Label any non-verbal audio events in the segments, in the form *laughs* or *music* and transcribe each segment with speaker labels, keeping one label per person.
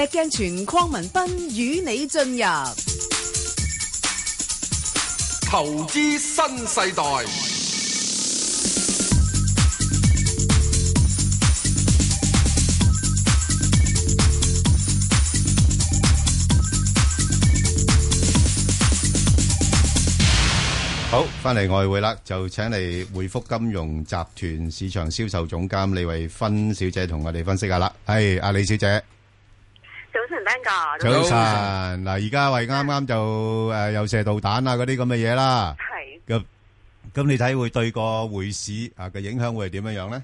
Speaker 1: 石鏡泉鄺文斌與你進入
Speaker 2: 投資新世代。
Speaker 3: 好，翻嚟外匯啦，就請嚟匯福金融集團市場銷售總監李慧芬小姐同我哋分析下啦。係，阿李小姐。早晨 Daniel 早晨，嗱晨，而家為啱啱就誒，又是、呃、射導彈啊，嗰啲咁嘅嘢啦。係是。咁咁，你睇會對個匯市啊嘅影響會係點樣樣咧？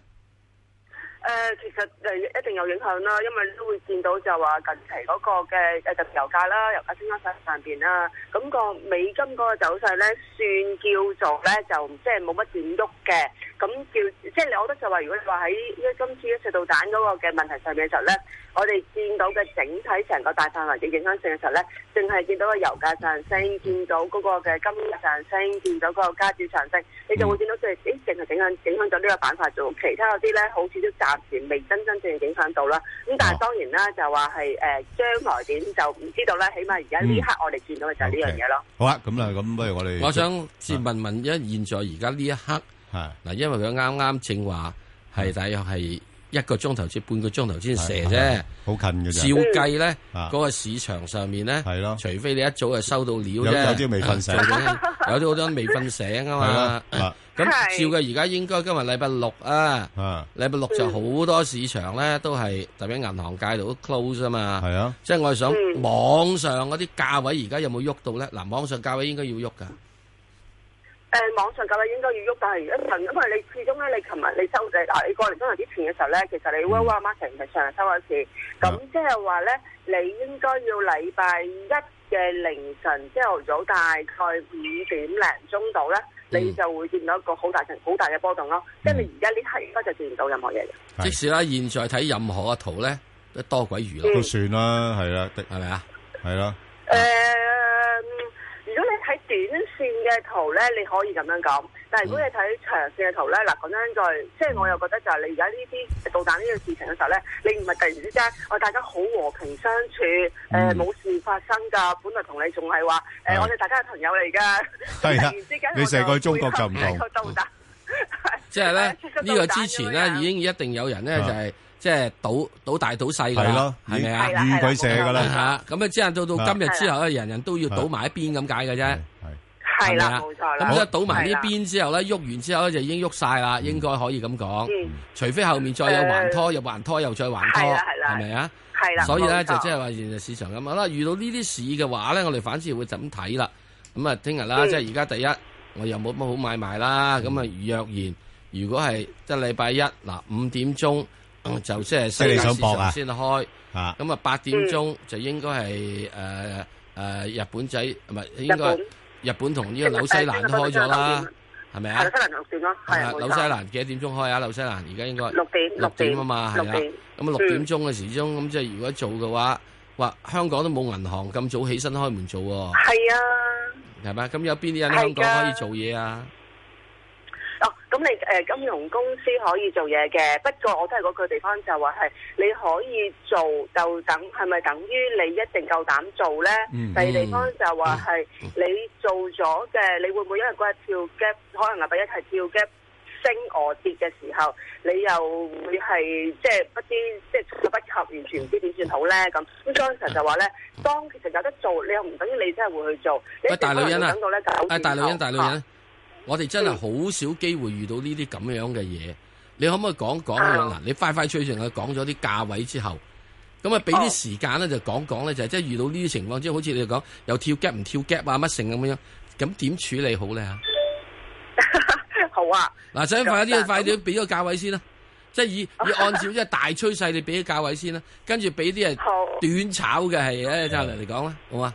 Speaker 1: 誒、呃，其實誒一定有影響啦，因為都會見到就話近期嗰個嘅誒特油價啦，油價升翻上上邊啦，咁、那個美金嗰個走勢咧，算叫做咧就即係冇乜點喐嘅，咁叫即係你覺得就話如果你話喺呢今次嘅射導彈嗰個嘅問題上面嘅時候咧，我哋見到嘅整體成個大範圍嘅影響性嘅時候咧。淨係見到個油價上升，見到嗰個嘅金上升，見到嗰個加注上升，你就會見到即係，淨、哎、係影響影響咗呢個板塊，做其他嗰啲咧，好似都暫時未真真正正影響到啦。咁但係當然啦，哦、就話係誒將來點就唔知道啦。起碼而家呢刻我哋見到嘅就
Speaker 3: 係呢樣嘢咯。嗯 okay. 好啊，咁啦，咁不如我哋我想
Speaker 2: 先問問一下一，的因為現在而家呢一刻係嗱，因為佢啱啱正話係大約係。一個鐘頭至半個鐘頭先射啫，
Speaker 3: 好、啊、近嘅啫。照計
Speaker 2: 咧，嗰、嗯、個市場上面咧，係咯、啊，除非你一早就收到料，有啲未瞓醒， *laughs* 有啲好多人未瞓醒啊嘛。咁、啊啊、照計，而家應該今日禮拜六啊，禮拜、啊、六就好多市場咧、嗯、都係特別銀行界度 close 啊嘛。係啊，即係我哋想網上嗰啲價位有有，而家有冇喐到咧？嗱，網上價位應該要喐噶。
Speaker 1: 誒，網上交易應該要喐，但係一陣，因為你始終咧，你琴日你收你，你過嚟收埋之前嘅時候咧，其實你 Worldwide Market 唔係上日收一次。咁即係話咧，你應該要禮拜一嘅凌晨朝頭早大概五點零鐘度咧，你就會見到一個好大好大嘅波動咯。因你而家呢刻應該就見唔到任何嘢
Speaker 2: 嘅。是即使啦，現在睇任何嘅圖咧，多鬼餘都算啦，
Speaker 3: 係啦，係咪啊？係咯。
Speaker 1: 誒。嘅圖咧，你可以咁樣講。但係如果你睇長線嘅圖咧，嗱，咁樣再，即係我又覺得就係你而家呢啲導彈呢個事情嘅時候咧，你唔係突然之間，我大家好和平相處，誒冇事發生㗎。本來同你仲係話，誒我哋大家係朋友嚟㗎，突然
Speaker 3: 之間你成日過去中國就唔好。
Speaker 2: 即係咧，呢個之前咧已經一定有人咧就係即係賭賭大賭細佢係咯，係咪啊？佢射㗎啦嚇。咁啊，之後到到今日之後咧，人人都要倒埋一邊咁解㗎啫。
Speaker 3: 係啦，冇錯，咁即係倒埋呢邊
Speaker 2: 之後咧，喐完之後咧就已經喐晒啦，應該可以咁講。除非後面再有橫拖，又橫拖又再橫拖，係咪啊？係啦。所以咧就即係話現實市場咁啦。遇到呢啲事嘅話咧，我哋反至會就咁睇啦。咁啊，聽日啦，即係而家第一，我又冇乜好買賣啦。咁啊，若然如果係即係禮拜一嗱五點鐘就即係世界市場先開嚇，咁啊八點鐘就應該係誒誒日本仔唔係應該。日本同呢個紐西蘭都開咗啦，係咪啊？紐
Speaker 1: 西蘭六點咯，係紐西蘭
Speaker 2: 幾多點鐘開啊？紐西蘭而家應該
Speaker 1: 六點六點啊嘛，係啊，
Speaker 2: 咁啊六點鐘嘅時鐘咁，即係如果做嘅話，話香港都冇銀行咁早起身開門做喎。
Speaker 1: 哦。係啊，
Speaker 2: 係咪？咁有邊啲人香港可以做嘢啊？
Speaker 1: 你誒金融公司可以做嘢嘅，不過我都係嗰句地方就話係你可以做，就等係咪等於你一定夠膽做咧？第二地方就話係你做咗嘅，你會唔會因為嗰日跳 gap，可能廿八一係跳 gap 升我跌嘅時候，你又會係即係不知即係措不及，完全唔知點算好咧？咁咁，當時就話咧，當其實有得做，你又唔等於你真係會去做。喂，大女人啊！誒，大女人，
Speaker 2: 大女人。我哋真係好少機會遇到呢啲咁樣嘅嘢，你可唔可以講講咁嗱？你快快脆脆咁講咗啲價位之後，咁啊俾啲時間咧、哦、就講講咧，就係即係遇到呢啲情況之，即係好似你講又跳 gap 唔跳 gap 啊乜成咁樣，咁點處理好咧 *laughs* 好啊！嗱，想快啲啊，快啲俾個價位先啦，即係以以按照即係大趨勢，你俾個價位先啦，跟住俾啲係短炒嘅係咧，就嚟嚟講啦，好啊。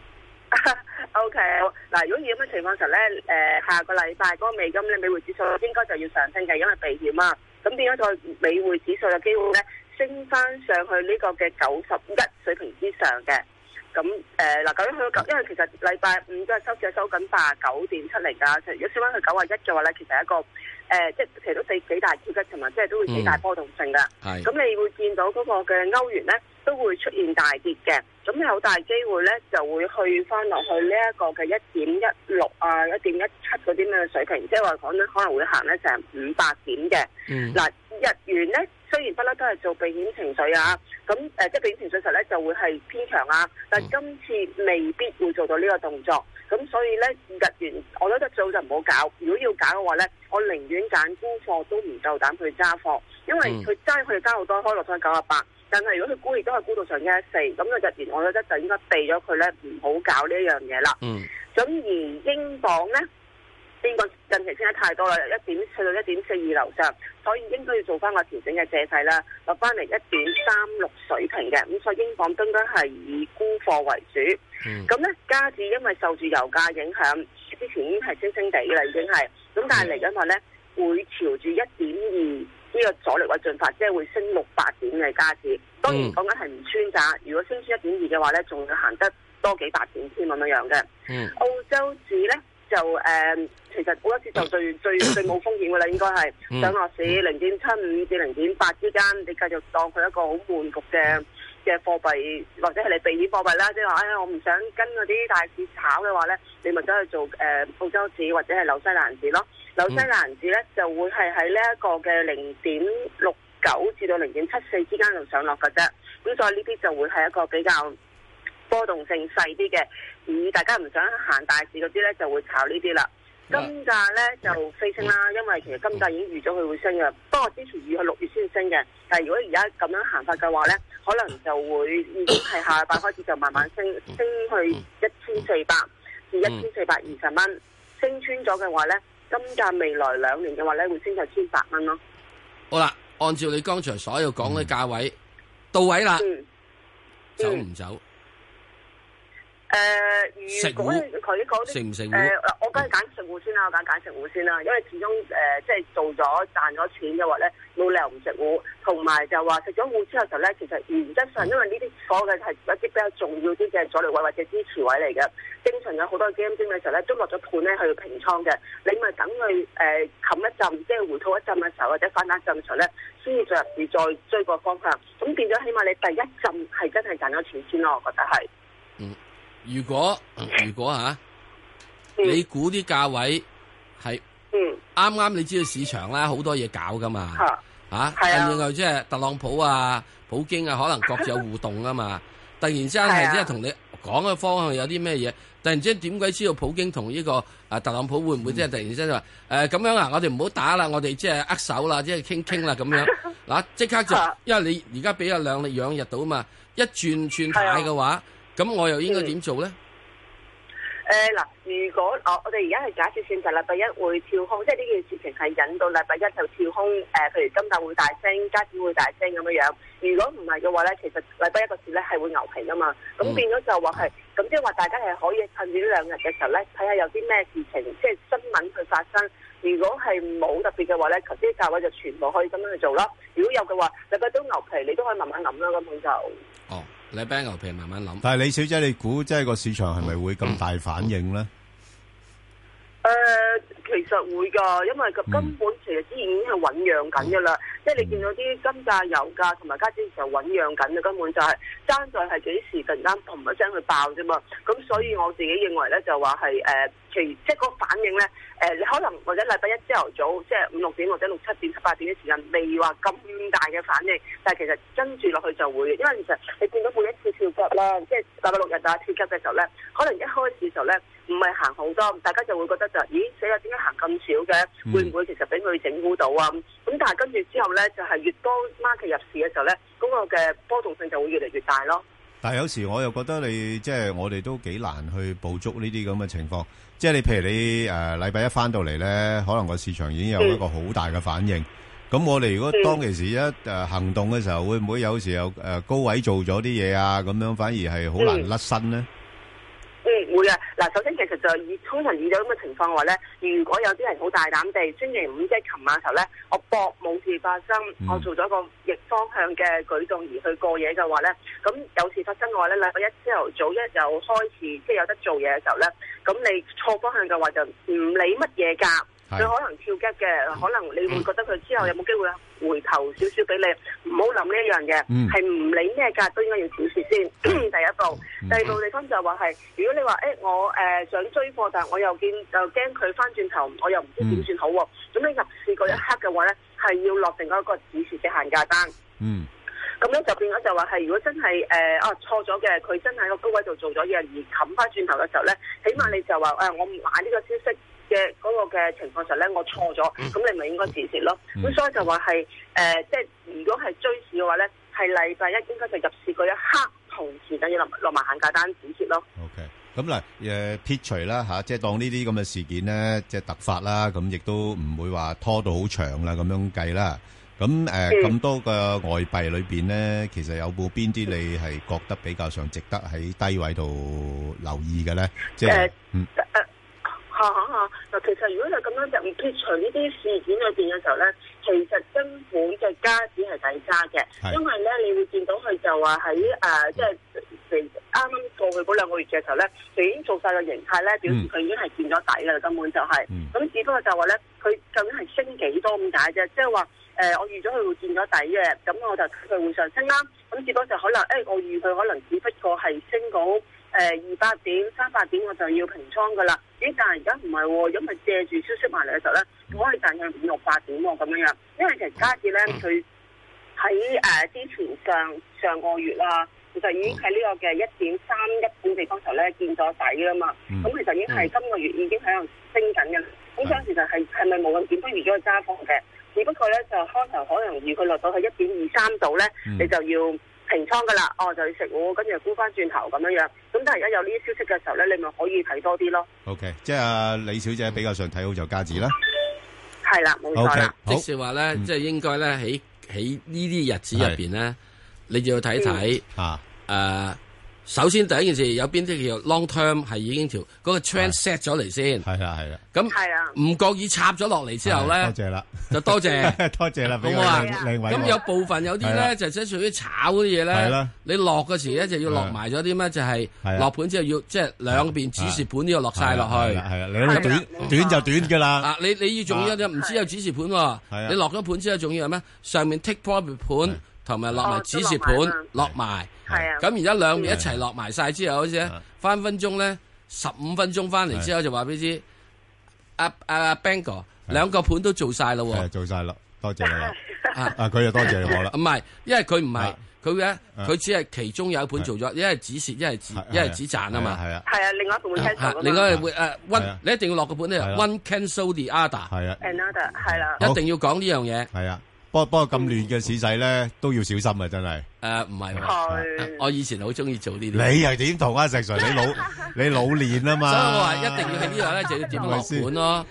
Speaker 1: 嗱，如果以咁嘅情況實咧，誒、呃、下個禮拜嗰個美金咧美匯指數應該就要上升嘅，因為避險啊。咁變咗再美匯指數有機會咧，升翻上去呢個嘅九十一水平之上嘅。咁誒嗱，究竟去到九？因為其實禮拜五都係收市收緊八啊九點出嚟㗎。如果升翻去九啊一嘅話咧，其實一個誒、呃，即係其實都幾幾大跳級，同埋即係都會幾大波動性㗎。係、嗯。咁你會見到嗰個嘅歐元咧，都會出現大跌嘅，咁有大機會咧就會去翻落去呢一個嘅一點一六啊、一點一七嗰啲咩水平，即係話講咧可能會行咧成五百點嘅。嗱、嗯，日元咧雖然不嬲都係做避險情緒啊，咁誒、呃、即係避險情緒實咧就會係偏強啊，但係今次未必會做到呢個動作，咁所以咧日元，我覺得最好就唔好搞，如果要搞嘅話咧，我寧願揀沽貨都唔夠膽去揸貨，因為佢揸佢又揸好多，開落去九啊八。但係如果佢估亦都係估到上一四，咁佢入邊，我覺得就應該避咗佢咧，唔好搞呢一樣嘢啦。嗯。咁而英鎊咧，英國近期升得太多啦，由一點四到一點四二樓上，所以應該要做翻個調整嘅借勢啦，落翻嚟一點三六水平嘅。咁所以英鎊都都係以沽貨為主。嗯。咁咧，加至因為受住油價影響，之前已經係升升地啦，已經係。嗯。但係嚟緊話咧，嗯、會朝住一點二。呢個阻力位進發，即係會升六百點嘅加紙。當然講緊係唔穿㗎。如果升穿一點二嘅話咧，仲要行得多幾百點先咁樣樣嘅。澳洲紙咧就誒、呃，其實好多時就最 *coughs* 最最冇風險㗎啦，應該係上落市零點七五至零點八之間，你繼續當佢一個好悶焗嘅嘅貨幣，或者係你避險貨幣啦。即係、哎、話，唉，我唔想跟嗰啲大市炒嘅話咧，你咪都去做誒、呃、澳洲紙或者係紐西蘭紙咯。紐西蘭紙咧就會係喺呢一個嘅零點六九至到零點七四之間度上落嘅啫。咁所以呢啲就會係一個比較波動性細啲嘅，而大家唔想行大市嗰啲咧就會炒呢啲啦。金價咧就飛升啦，因為其實金價已經預咗佢會升嘅。不過之前預係六月先升嘅，但係如果而家咁樣行法嘅話咧，可能就會 *coughs* 已經係下禮拜開始就慢慢升升去一千四百至一千四百二十蚊，升穿咗嘅話咧。金價未來兩年嘅話呢，
Speaker 2: 會升到千八蚊咯。好啦，按照你剛才所有講嘅價位，嗯、到位啦，嗯、
Speaker 1: 走唔走？嗯誒，如果佢嗰啲誒，我梗係揀食糊先啦，我揀揀食糊先啦，因為始終誒，即、呃、係、就是、做咗賺咗錢嘅話咧，冇理由唔食糊。同埋就話食咗糊之後嘅時候咧，其實原則上、嗯、因為呢啲股嘅係一啲比較重要啲嘅阻力位或者支持位嚟嘅，經常有好多基金經理嘅時候咧都落咗盤咧去平倉嘅，你咪等佢誒冚一浸，即係回吐一浸嘅時候，或者反彈一浸嘅時候咧，先至再再追個方向，咁變咗起碼你第一浸係真係賺咗錢先咯，我覺得係。
Speaker 2: 嗯。如果如果吓，你估啲價位係，啱啱你知道市場啦，好多嘢搞噶嘛，吓，吓，另外即係特朗普啊、普京啊，可能各自有互動啊嘛。突然之間係即係同你講嘅方向有啲咩嘢？突然之間點鬼知道普京同呢個啊特朗普會唔會即係突然之間就話誒，咁樣啊？我哋唔好打啦，我哋即係握手啦，即係傾傾啦咁樣嗱，即刻就，因為你而家俾阿兩力養一日到嘛，一轉轉牌嘅話。咁我又應該點做咧？
Speaker 1: 誒、嗯，嗱、呃，如果我我哋而家係假設前提啦，第一會跳空，即係呢件事情係引到禮拜一就跳空，誒、呃，譬如金價會大升，家指會大升咁樣樣。如果唔係嘅話咧，其實禮拜一嗰時咧係會牛皮噶嘛。咁變咗就話係，咁、嗯嗯、即係話大家係可以趁住呢兩日嘅時候咧，睇下有啲咩事情，即係新聞去發生。如果係冇特別嘅話咧，頭先價位就全部可以咁樣去做啦。如果有嘅話，禮拜都牛皮，你都可以慢慢諗啦，根本就哦。嗯
Speaker 2: 你俾牛皮慢慢諗。
Speaker 3: 但係李小姐，你估即係個市場係咪會咁大反應咧？嗯嗯嗯
Speaker 1: 誒、呃，其實會噶，因為佢根本其實之前已經係醞釀緊噶啦，嗯、即係你見到啲金價、油價同埋加紙市場醞釀緊啦，根本就係、是、爭在係幾時突然間嘭一聲去爆啫嘛。咁所以我自己認為咧，就話係誒，其、呃、即係個反應咧，誒、呃，你可能或者禮拜一朝頭早，即係五六點或者六七點、七八點嘅時間，未話咁大嘅反應，但係其實跟住落去就會，因為其實你見到每一次跳級啦，即係禮拜六日啊跳級嘅時候咧，可能一開始就咧。唔係行好多，大家就會覺得就咦，成日點解行咁少嘅？會唔會其實俾佢整蠱到啊？咁但係跟住之後咧，就係越多 market 入市嘅時候咧，嗰個嘅波動性就會越嚟越
Speaker 3: 大咯。但係有時我又覺得你即係我哋都幾難去捕捉呢啲咁嘅情況。即係你譬如你誒禮拜一翻到嚟咧，可能個市場已經有一個好大嘅反應。咁我哋如果當其時一誒行動嘅時候，會唔會有時候誒高位做咗啲嘢啊？咁樣反而係好難甩身咧。嗯，會
Speaker 1: 嘅。嗱，首先其實就以通常遇到咁嘅情況嘅話咧，如果有啲人好大膽地，星期五即係琴晚頭咧，我搏冇事發生，我做咗個逆方向嘅舉動而去過夜嘅話咧，咁有事發生嘅話咧，兩個一朝頭早一又開始即係有得做嘢嘅時候咧，咁你錯方向嘅話就唔理乜嘢㗎。佢可能跳吉嘅，是可能你會覺得佢之後有冇機會回頭少少俾你，唔好諗呢一樣嘢，係唔理咩價都應該要止蝕先。第一步，第二步你咁就話係，如果你話誒、哎、我誒、呃、想追貨，但係我又見又驚佢翻轉頭，我又唔知點算好。咁、嗯、你入市嗰一刻嘅話咧，係要落定嗰個止蝕嘅限價單。嗯，咁咧就變咗就話係，如果真係誒、呃、啊錯咗嘅，佢真係喺個高位度做咗嘢而冚翻轉頭嘅時候咧，起碼你就話誒、哎、我唔買呢個消息嘅嗰、那個嘅情況上咧，我錯咗，咁你咪應該止蝕咯。咁、嗯、所以就話係誒，即係如果係追市嘅話咧，係禮拜一應該就入市嗰一刻同時等於落落
Speaker 3: 埋限價單止蝕咯。OK，咁嗱誒撇除啦嚇、啊，即係當呢啲咁嘅事件咧，即係突發啦，咁亦都唔會話拖到好長啦，咁樣計啦。咁誒咁多嘅外幣裏邊咧，其實有冇邊啲你係覺得比較上值得喺低位度留意嘅咧？即係、呃、嗯。嗯
Speaker 1: 啊哈嗱、啊啊，其實如果你咁樣入撇除呢啲事件裏邊嘅時候咧，其實根本嘅家點係抵揸嘅，的因為咧你會見到佢就話喺誒，即係嚟啱啱過去嗰兩個月嘅時候咧，佢已經做晒個形態咧，表示佢已經係見咗底嘅，根本就係、是。咁、嗯、只不過就話咧，佢究竟係升幾多咁解啫？即係話誒，我預咗佢會見咗底嘅，咁我就佢會上升啦。咁只不過就可能，誒、欸，我預佢可能只不過係升到。誒，二百點、三百點我就要平倉噶啦。咦、hmm.，但係而家唔係喎，如果咪借住消息埋嚟嘅時候咧，我可以賺去五六八點咁樣樣。因為其實加住咧，佢喺誒之前上上個月啦，其實已經喺呢個嘅一點三一咁地方頭咧見咗底噶嘛。咁其實已經係今個月已經喺度升緊噶。咁當時就係係咪冇咁點都如咗加房嘅？只不過咧就開頭可能，如佢落到去一點二三度咧，你就要平
Speaker 3: 倉㗎啦，哦，就要食糊，跟、哦、住又沽翻轉頭咁樣樣，咁但係而家有呢啲消息嘅時候咧，你咪可以睇多啲咯。O、okay, K，即係阿李小姐比較上睇好就
Speaker 2: 價值啦。係啦、嗯，冇錯啦。錯 okay, 好即係話咧，嗯、即係應該咧喺喺呢啲日子入邊咧，你就要睇一睇嚇啊。呃首先第一件事有邊啲叫 long term 係已經條嗰個 trend set 咗嚟先，係啊係啊，咁唔覺意插咗落嚟之後咧，就多謝
Speaker 3: 多謝啦，咁啊，
Speaker 2: 咁有部分有啲咧就即係屬於炒嗰啲嘢咧，你落嗰時咧就要落埋咗啲咩？就係落盤之後要即係兩邊指示盤都要落晒落去，係啊，你短短
Speaker 3: 就短㗎啦，啊
Speaker 2: 你你要重要嘅唔知有指示盤喎，你落咗盤之後重要係咩？上面 take profit 盤。同埋落埋止蝕盤，落埋，咁而家兩邊一齊落埋晒之後，好似咧翻分鐘咧十五分鐘翻嚟之後就話俾你知，阿阿阿 Ben 哥兩個盤都做晒啦喎，做晒啦，
Speaker 3: 多謝你啊，啊佢就多謝我啦，唔
Speaker 2: 係，因為佢唔係佢嘅，佢只係其中有一盤做咗，一係止蝕，一係一係止賺啊嘛，
Speaker 1: 係啊，係啊，另外一盤會睇下，
Speaker 2: 另外會温，你一定要落個盤咧，温 cancel the other，another，係啦，
Speaker 1: 一定
Speaker 2: 要講呢樣嘢，係啊。不不過咁亂
Speaker 3: 嘅市勢咧，都要小心啊！真係
Speaker 2: 誒，唔係、呃吧啊、我以前好中意做呢啲，你又
Speaker 3: 點同啊石 Sir？你老你老練啊嘛，所以我話一定要喺呢度
Speaker 2: 咧，就要點落盤咯。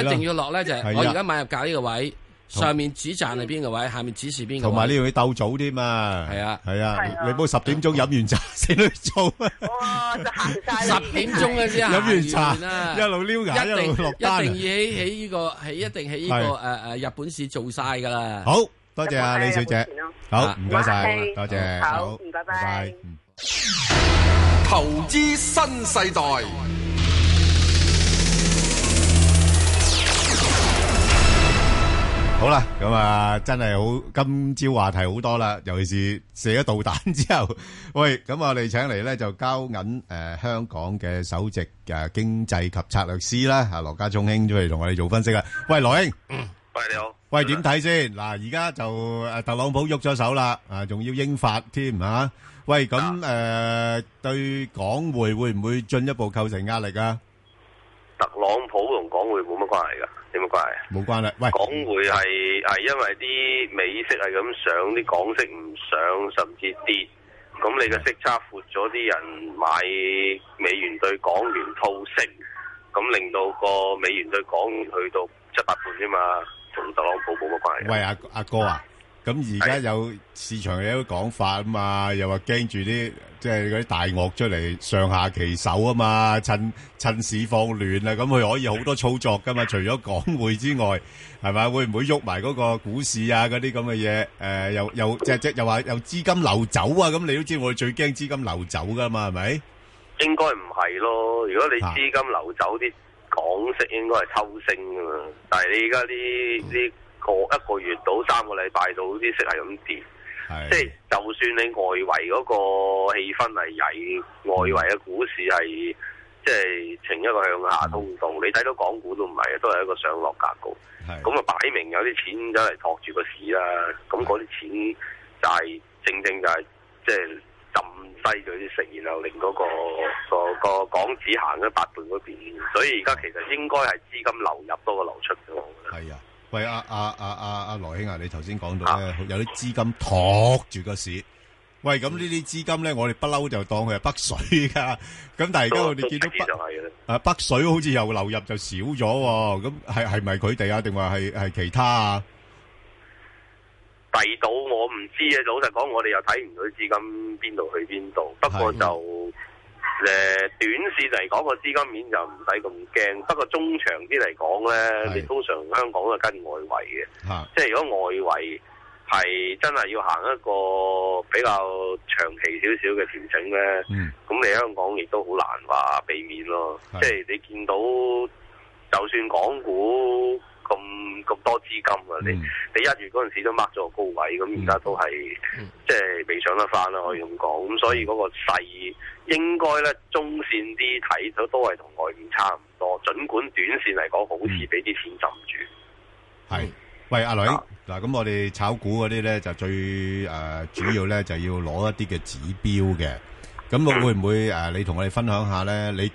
Speaker 2: 一定要落咧，就係、是、我而家買入價呢個位。上面主站，係邊個位，下面指示邊個？
Speaker 3: 同埋呢度要鬥早添啊！係啊，係啊，你冇十點鐘飲完茶先去做啊。哇！
Speaker 1: 十
Speaker 3: 點鐘先行完。飲完茶啦，一路撩牙，一定一定要喺
Speaker 2: 喺呢個，喺一定喺呢個誒誒日本市做晒噶啦。好多謝啊李小姐，好唔該晒，多謝，好，拜拜拜。投資新世代。
Speaker 3: 好啦，咁啊，真係好，今朝話題好多啦，尤其是射咗導彈之後，喂，咁我哋請嚟咧，就交銀誒香港嘅首席誒經濟及策略師啦，阿羅家聰兄出嚟同我哋做分析啊，喂，羅兄，喂你好，喂點睇先？嗱，而家就特朗普喐咗手啦，啊，仲要英法添啊，喂，咁誒對港匯會唔會進一步構成壓力啊？
Speaker 4: 特朗普同港匯冇乜關係噶，有乜關，關係？
Speaker 3: 冇關啦。喂，
Speaker 4: 港匯係係因為啲美息係咁上，啲港息唔上，甚至跌，咁你嘅息差闊咗，啲人買美元兌港元套息，咁令到個美元兌港元去到七八半啫嘛，同特朗普冇
Speaker 3: 乜關係。喂，阿阿哥啊！咁而家有市場有一個講法啊嘛，又話驚住啲即係嗰啲大鱷出嚟上下其手啊嘛，趁趁市放亂啊，咁佢可以好多操作噶嘛。除咗港匯之外，係咪會唔會喐埋嗰個股市啊？嗰啲咁嘅嘢，誒又又即即又話又資金流走啊？咁你都知我最驚資金流走噶嘛，係咪？
Speaker 4: 應該唔係咯。如果你資金流走啲港息，應該係抽升噶嘛。但係你而家啲啲。個一個月到三個禮拜到啲息係咁跌，的即係就算你外圍嗰個氣氛係曳，嗯、外圍嘅股市係即係呈一個向下通道，嗯、你睇到港股都唔係，都係一個上落格局。咁啊的擺明有啲錢走嚟托住個市啦，咁嗰啲錢就係、是、的正正就係即係浸低咗啲息，然後令嗰、嗰個嗰個嗰個港紙行咗八倍嗰邊，所以而家其實應該係資金流入多過流出
Speaker 3: 嘅，我覺得。係啊的。喂，阿阿阿阿阿羅兄啊，你頭先講到咧的、啊，有啲資金托住個市。喂，咁呢啲資金咧，我哋不嬲就當佢係北水噶。咁但係而家我哋見到北就係啦。啊，北水好似又流入就少咗，咁係係咪佢哋啊？定話係係其他啊？第
Speaker 4: 到我唔知啊，老實講，我哋又睇唔到啲資金邊度去邊度。不過就。誒短線嚟講個資金面就唔使咁驚，不過中長啲嚟講呢，你的通常香港都係跟外圍嘅，的即係如果外圍係真係要行一個比較長期少少嘅調整呢，咁、嗯、你香港亦都好難話避免咯。的即係你見到，就算港股。咁咁多資金啊、嗯！你你一月嗰陣時都抹咗個高位，咁而家都係、嗯、即係未上得返啦，可以咁講。咁所以嗰個勢應該咧中線啲睇都都係同外面差唔多，儘管短線嚟講好似俾啲錢浸住。
Speaker 3: 係、嗯嗯，喂，阿女嗱，咁、啊、我哋炒股嗰啲咧就最誒、呃、主要咧就要攞一啲嘅指標嘅，咁會唔會誒、呃、你同我哋分享下咧？你？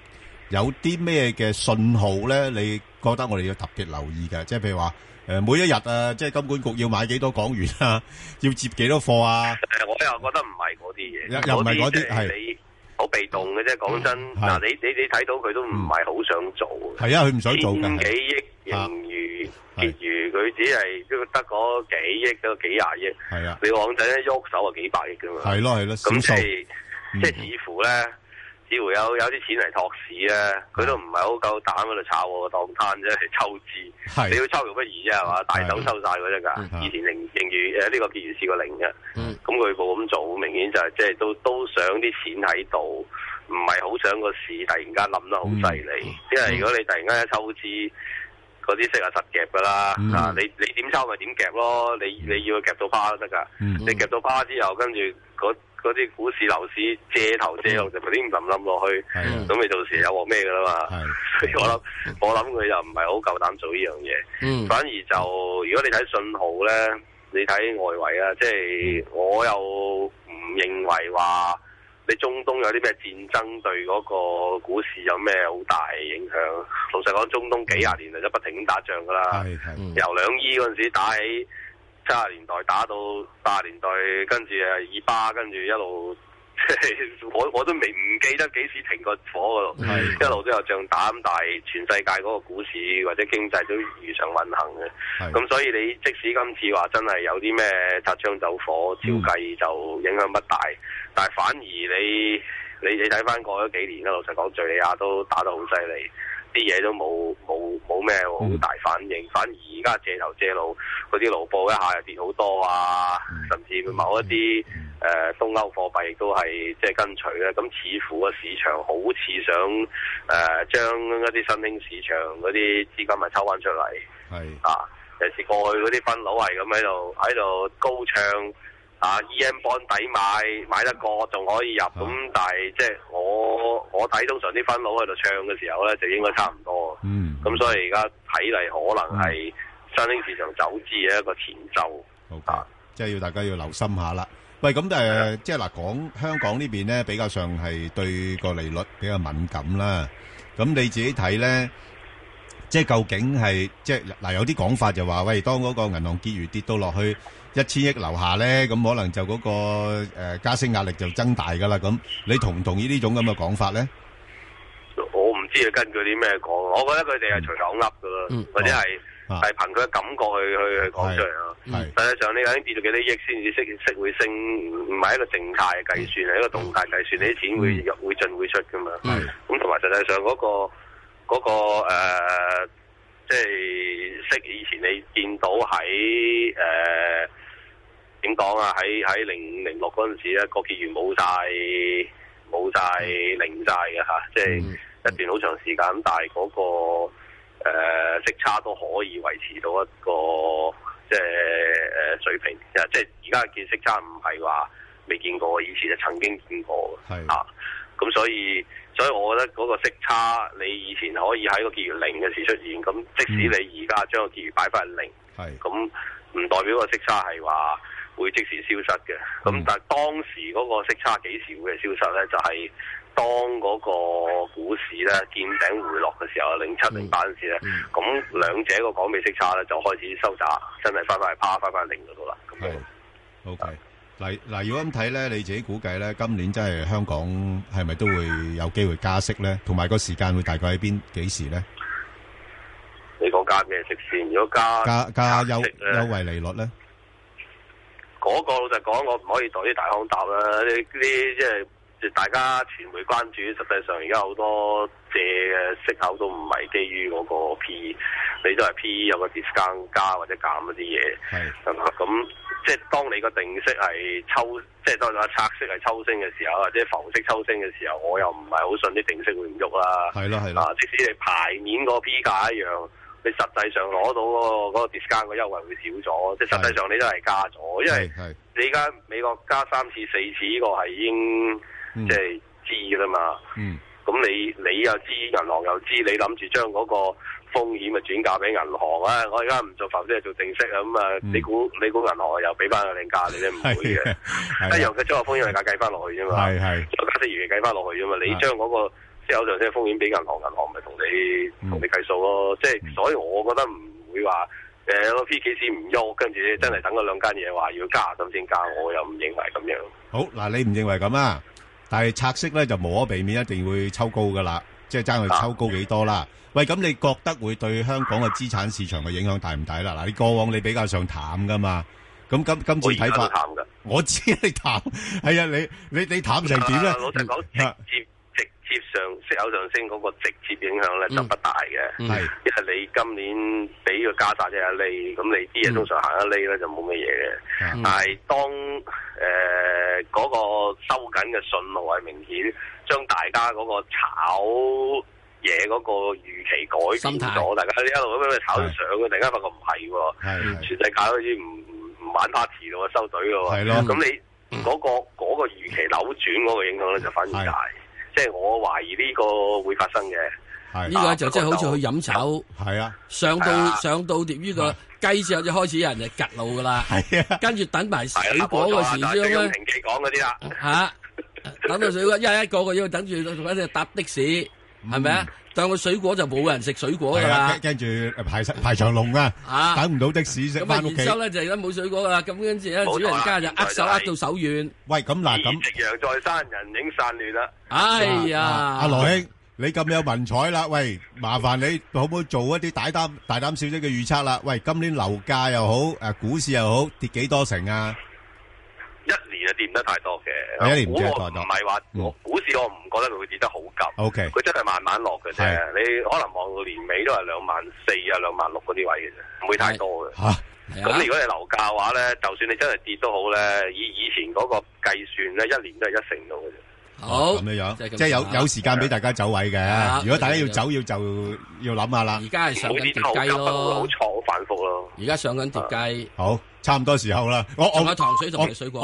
Speaker 3: 有啲咩嘅信號咧？你覺得我哋要特別留意嘅，即係譬如話，誒每一日啊，即係金管局要買幾多港元啊，要接幾多貨啊？
Speaker 4: 誒，我又覺得唔係嗰啲嘢，又唔係嗰啲係你好被動嘅啫。講真，嗱你你你睇到佢都唔係好想做
Speaker 3: 嘅。係啊，佢唔想做嘅。千幾
Speaker 4: 億盈餘結餘，佢只係得嗰幾億嗰幾廿億。係啊，你講真，一喐手啊幾百億㗎嘛。係咯係咯，少數即係似乎咧。只要有有啲錢嚟托市咧，啊，佢都唔係好夠膽喺度炒我個檔攤啫，係抽資。是你要抽肉不如啫係嘛，大手抽晒佢啲㗎。的以前零仍然誒呢個結餘試過零嘅，咁佢冇咁做，明顯就係、是、即係都都想啲錢喺度，唔係好想個市突然間冧得好犀利。嗯、因為如果你突然間一抽資，嗰啲息係實夾㗎啦。嗯、啊，你你點抽咪點夾咯，你你，你要佢夾到花都得㗎，嗯、你夾到花之後跟住嗰啲股市、樓市借頭借路，嗯、就不停咁冧落去，咁咪、嗯、到時有鑊咩噶啦嘛？是 *laughs* 所以我諗，嗯、我諗佢又唔係好夠膽做呢樣嘢，嗯、反而就如果你睇信號呢，你睇外圍啊，即、就、係、是嗯、我又唔認為話你中東有啲咩戰爭對嗰個股市有咩好大影響。老實講，中東幾廿年嚟都不停咁打仗噶啦，由兩伊嗰陣時打起。七十年代打到八十年代，跟住啊，以巴跟住一路，我我都未唔記得幾時停過火度，嗯，一路都有仗打，但係全世界嗰個股市或者經濟都如常運行嘅。咁是所以你即使今次話真係有啲咩擦槍走火，照計就影響不大，嗯、但係反而你你你睇翻過咗幾年啦，老實講敘利亞都打得好犀利。啲嘢都冇冇冇咩好大反應，嗯、反而而家借頭借路嗰啲盧布一下又跌好多啊，嗯、甚至某一啲誒、嗯呃、東歐貨幣都係即係跟隨咧，咁似乎個市場好似想誒、呃、將一啲新興市場嗰啲資金咪抽翻出嚟，係是啊，尤其是過去嗰啲分佬係咁喺度喺度高唱。啊！EM bond 抵買，買得過仲可以入咁，啊、但係即係我我睇通常啲分佬喺度唱嘅時候咧，就應該差唔多。嗯。咁所以而家睇嚟，可能係新興市場走資嘅一個前奏。
Speaker 3: 好 Okay, 啊，即係要大家要留心下啦。喂，咁誒、呃，即係嗱，港香港邊呢邊咧比較上係對個利率比較敏感啦。咁你自己睇咧，即係究竟係即係嗱，有啲講法就話，喂，當嗰個銀行結餘跌到落去，一千億樓下咧，咁可能就嗰個誒加息壓力就增大噶啦。咁你同唔同意呢種咁嘅講法咧？
Speaker 4: 我唔知佢根據啲咩講，我覺得佢哋係隨口噏噶咯，或者係係憑佢嘅感覺去去去講出嚟。啊，實際上你睇跌咗幾多億先至升，升會升唔唔係一個靜態計算，係一個動態計算。你啲錢會入會進會出噶嘛？咁同埋實際上嗰個個誒。即係識以前你見到喺誒點講啊？喺喺零五零六嗰陣時咧，個結餘冇晒，冇晒，零晒嘅嚇，即係一段好長時間。但係嗰、那個誒、呃、息差都可以維持到一個即係誒水平。啊、即係而家嘅見息差唔係話未見過，以前就曾經見過嘅是啊。咁所以，所以我覺得嗰個息差，你以前可以喺個結餘零嘅時出現，咁即使你而家將個結餘擺翻零，係，咁唔代表個息差係話會即時消失嘅。咁但係當時嗰個息差幾少嘅消失咧，就係、是、當嗰個股市咧見頂回落嘅時候，零七零八陣時時咧，咁兩、嗯嗯、者個港美息差咧就開始收窄，真係翻翻係趴翻翻零嗰度啦。
Speaker 3: 咁，OK。嗱嗱，如果咁睇咧，你自己估計咧，今年真係香港係咪都會有機會加息咧？同埋個時間會大概喺邊？幾時咧？
Speaker 4: 你講加咩息
Speaker 3: 先？如果加加加優優惠利率咧？嗰個老實講，我
Speaker 4: 唔可以代啲大行答啦。呢啲即係大家傳媒關注，實際上而家好多。借嘅息口都唔係基於嗰個 P，你都係 P 有個 discount 加或者減一啲嘢，係咁的、嗯、即係當你個定息係抽，即係當你個拆息係抽升嘅時候，或者浮息抽升嘅時候，我又唔係好信啲定息會唔喐啦。係啦係啦，即使你排面個 P 價一樣，你實際上攞到嗰個 discount 個優惠會少咗，即係實際上你都係加咗，的因為你而家美國加三次四次，呢個係已經即係知㗎啦嘛。嗯。咁你你又知銀行又知你諗住將嗰個風險咪轉嫁俾銀行啊！我而家唔做浮息，做定息啊！咁啊，你估你估銀行又俾翻個靚價你咧？唔會嘅，一樣佢將個風險價計翻落去啫嘛，係係再加啲餘額計翻落去啫嘛。你將嗰個即係有上先風險俾銀行，銀行咪同你同你計數咯。即係所以，我覺得唔會話誒個 P 幾先唔喐，跟住真係等嗰兩間嘢話要加先先加，我又唔認為咁樣。
Speaker 3: 好嗱，你唔認為咁啊？但係拆息咧就無可避免，一定會抽高噶啦，即係爭佢抽高幾多啦。喂，咁你覺得會對香港嘅資產市場嘅影響大唔大啦？嗱，你過往你比較上淡噶嘛，咁今今次睇法，我知你淡，係啊，你你你淡成點咧？老實講，啊，先。
Speaker 4: 接上息口上升嗰個直接影響咧就不大嘅，因為你今年俾個加息隻係利，咁你啲嘢通常行得滯咧就冇乜嘢嘅。但係當誒嗰個收緊嘅信號係明顯，將大家嗰個炒嘢嗰個預期改變咗，大家喺呢一度咁樣炒上嘅，突然間發覺唔係喎，全世界好似唔唔玩 party 喎，收隊喎，咁你嗰個嗰個預期扭轉嗰個影響咧就反而大。
Speaker 2: 即係我懷疑呢個會發生嘅，呢個就即係好似去飲酒，係啊，上到上到碟呢個雞之後就開始有人嚟夾路噶啦，係啊，跟住等埋水果嗰時，咁樣，平期講嗰啲啦，吓，等到水果一一個個要等住，反正搭的士係咪啊？兩個水果就冇人食水果㗎喇，
Speaker 3: 跟住排排長龍啊，等唔到的士，即係返屋企，而家就
Speaker 2: 冇
Speaker 3: 水果，主人家就握手握到手軟。喂，咁嗱咁，夕陽在山，人影散亂啦。
Speaker 4: 跌得太多嘅，一年唔係話股市，我唔覺得佢會跌得好急。O K，佢真係慢慢落嘅啫。你可能望到年尾都係兩萬四啊、兩萬六嗰啲位嘅啫，唔會太多嘅。嚇，咁如果你樓價嘅話咧，就算你真係跌都好咧，以以前嗰個計算咧，一年都係一成到嘅啫。
Speaker 3: 好咁樣，即係有有時間俾大家走位嘅。如果大家要走，要就要諗下啦。而家係上緊跌雞，
Speaker 2: 好錯，好反覆咯。而家上緊跌雞，
Speaker 3: 好差唔多時候啦。我我仲有
Speaker 2: 糖水同水果。